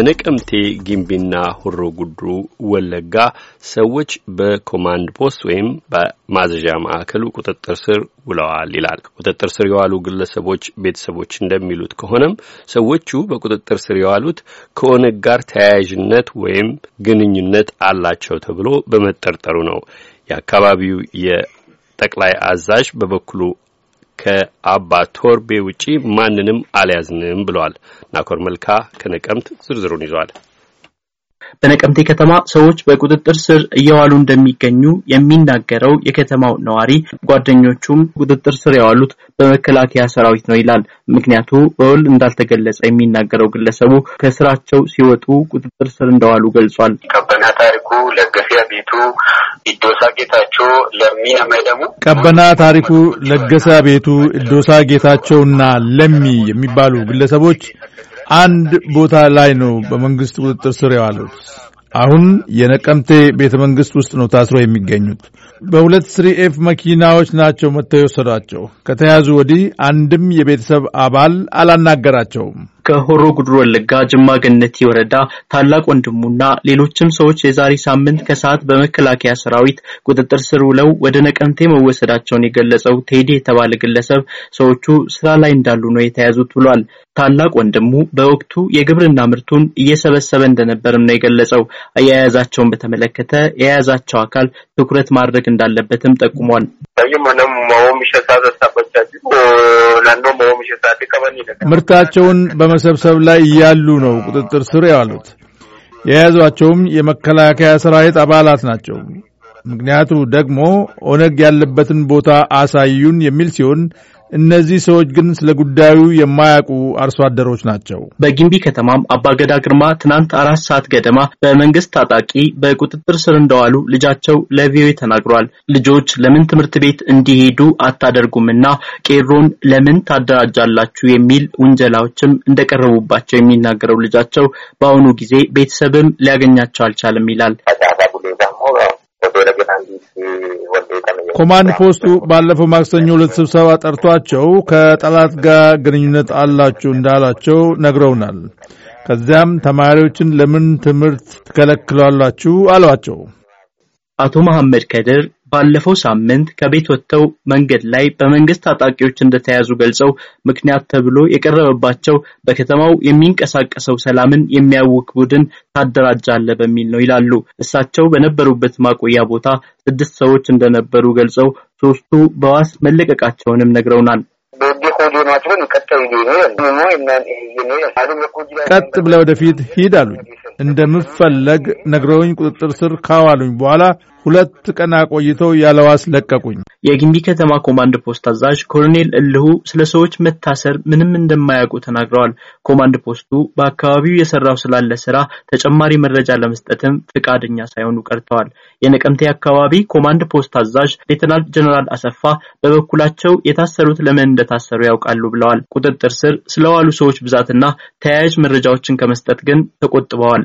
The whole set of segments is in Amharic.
በነቀምቴ ጊምቢና ሆሮ ጉድሩ ወለጋ ሰዎች በኮማንድ ፖስት ወይም በማዘዣ ማዕከሉ ቁጥጥር ስር ውለዋል ይላል። ቁጥጥር ስር የዋሉ ግለሰቦች ቤተሰቦች እንደሚሉት ከሆነም ሰዎቹ በቁጥጥር ስር የዋሉት ከኦነግ ጋር ተያያዥነት ወይም ግንኙነት አላቸው ተብሎ በመጠርጠሩ ነው። የአካባቢው የጠቅላይ አዛዥ በበኩሉ ከአባ ቶርቤ ውጪ ማንንም አልያዝንም ብሏል። ናኮር መልካ ከነቀምት ዝርዝሩን ይዟል። በነቀምቴ ከተማ ሰዎች በቁጥጥር ስር እየዋሉ እንደሚገኙ የሚናገረው የከተማው ነዋሪ ጓደኞቹም ቁጥጥር ስር የዋሉት በመከላከያ ሰራዊት ነው ይላል። ምክንያቱ በውል እንዳልተገለጸ የሚናገረው ግለሰቡ ከስራቸው ሲወጡ ቁጥጥር ስር እንደዋሉ ገልጿል። ለገፊያ ቤቱ ኢዶሳ ጌታቸው ለሚ ነመደሙ ቀበና ታሪኩ ለገሳ ቤቱ ኢዶሳ ጌታቸውና ለሚ የሚባሉ ግለሰቦች አንድ ቦታ ላይ ነው በመንግስት ቁጥጥር ስር የዋሉት። አሁን የነቀምቴ ቤተ መንግስት ውስጥ ነው ታስሮ የሚገኙት። በሁለት ስሪኤፍ መኪናዎች ናቸው መጥተው የወሰዷቸው። ከተያዙ ወዲህ አንድም የቤተሰብ አባል አላናገራቸውም። ከሆሮ ጉድሮ ወለጋ ጅማ ገነቲ ወረዳ ታላቅ ወንድሙና ሌሎችም ሰዎች የዛሬ ሳምንት ከሰዓት በመከላከያ ሰራዊት ቁጥጥር ስር ውለው ወደ ነቀምቴ መወሰዳቸውን የገለጸው ቴዲ የተባለ ግለሰብ ሰዎቹ ስራ ላይ እንዳሉ ነው የተያዙት ብሏል። ታላቅ ወንድሙ በወቅቱ የግብርና ምርቱን እየሰበሰበ እንደነበርም ነው የገለጸው። አያያዛቸውን በተመለከተ የያዛቸው አካል ትኩረት ማድረግ እንዳለበትም ጠቁሟል። ምርታቸውን በመሰብሰብ ላይ እያሉ ነው ቁጥጥር ስር የዋሉት። የያዟቸውም የመከላከያ ሰራዊት አባላት ናቸው። ምክንያቱ ደግሞ ኦነግ ያለበትን ቦታ አሳዩን የሚል ሲሆን እነዚህ ሰዎች ግን ስለ ጉዳዩ የማያውቁ አርሶ አደሮች ናቸው። በጊምቢ ከተማም አባገዳ ግርማ ትናንት አራት ሰዓት ገደማ በመንግስት ታጣቂ በቁጥጥር ስር እንደዋሉ ልጃቸው ለቪኦኤ ተናግሯል። ልጆች ለምን ትምህርት ቤት እንዲሄዱ አታደርጉምና ቄሮን ለምን ታደራጃላችሁ የሚል ውንጀላዎችም እንደቀረቡባቸው የሚናገረው ልጃቸው በአሁኑ ጊዜ ቤተሰብም ሊያገኛቸው አልቻለም ይላል። ኮማንድ ፖስቱ ባለፈው ማክሰኞ ሁለት ስብሰባ ጠርቷቸው ከጠላት ጋር ግንኙነት አላችሁ እንዳላቸው ነግረውናል። ከዚያም ተማሪዎችን ለምን ትምህርት ትከለክላላችሁ አሏቸው። አቶ መሐመድ ከድር ባለፈው ሳምንት ከቤት ወጥተው መንገድ ላይ በመንግስት ታጣቂዎች እንደተያዙ ገልጸው ምክንያት ተብሎ የቀረበባቸው በከተማው የሚንቀሳቀሰው ሰላምን የሚያውክ ቡድን ታደራጃለ በሚል ነው ይላሉ። እሳቸው በነበሩበት ማቆያ ቦታ ስድስት ሰዎች እንደነበሩ ገልጸው ሶስቱ በዋስ መለቀቃቸውንም ነግረውናል። ቀጥ ብለ ወደፊት ሂድ አሉኝ። እንደምፈለግ ነግረውኝ ቁጥጥር ስር ካዋሉኝ በኋላ ሁለት ቀና ቆይተው ያለዋስ ለቀቁኝ። የጊምቢ ከተማ ኮማንድ ፖስት አዛዥ ኮሎኔል እልሁ ስለ ሰዎች መታሰር ምንም እንደማያውቁ ተናግረዋል። ኮማንድ ፖስቱ በአካባቢው የሰራው ስላለ ስራ ተጨማሪ መረጃ ለመስጠትም ፍቃደኛ ሳይሆኑ ቀርተዋል። የነቀምቴ አካባቢ ኮማንድ ፖስት አዛዥ ሌተናል ጀነራል አሰፋ በበኩላቸው የታሰሩት ለምን እንደታሰሩ ያውቃሉ ብለዋል። ቁጥጥር ስር ስለዋሉ ሰዎች ብዛትና ተያያዥ መረጃዎችን ከመስጠት ግን ተቆጥበዋል።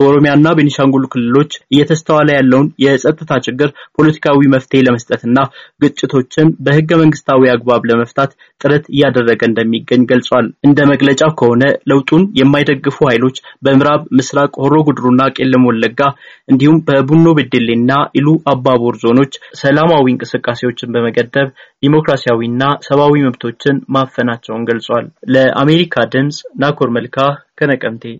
በኦሮሚያና ቤኒሻንጉል ክልሎች እየተስተዋለ ያለውን የጸጥታ ችግር ፖለቲካዊ መፍትሄ ለመስጠትና ግጭቶችን በህገ መንግስታዊ አግባብ ለመፍታት ጥረት እያደረገ እንደሚገኝ ገልጿል። እንደ መግለጫው ከሆነ ለውጡን የማይደግፉ ኃይሎች በምዕራብ ምስራቅ ሆሮ ጉድሩና ቄለም ወለጋ እንዲሁም በቡኖ በደሌና ኢሉ አባቦር ዞኖች ሰላማዊ እንቅስቃሴዎችን በመገደብ ዲሞክራሲያዊና ሰብአዊ መብቶችን ማፈናቸውን ገልጿል። ለአሜሪካ ድምፅ ናኮር መልካ ከነቀምቴ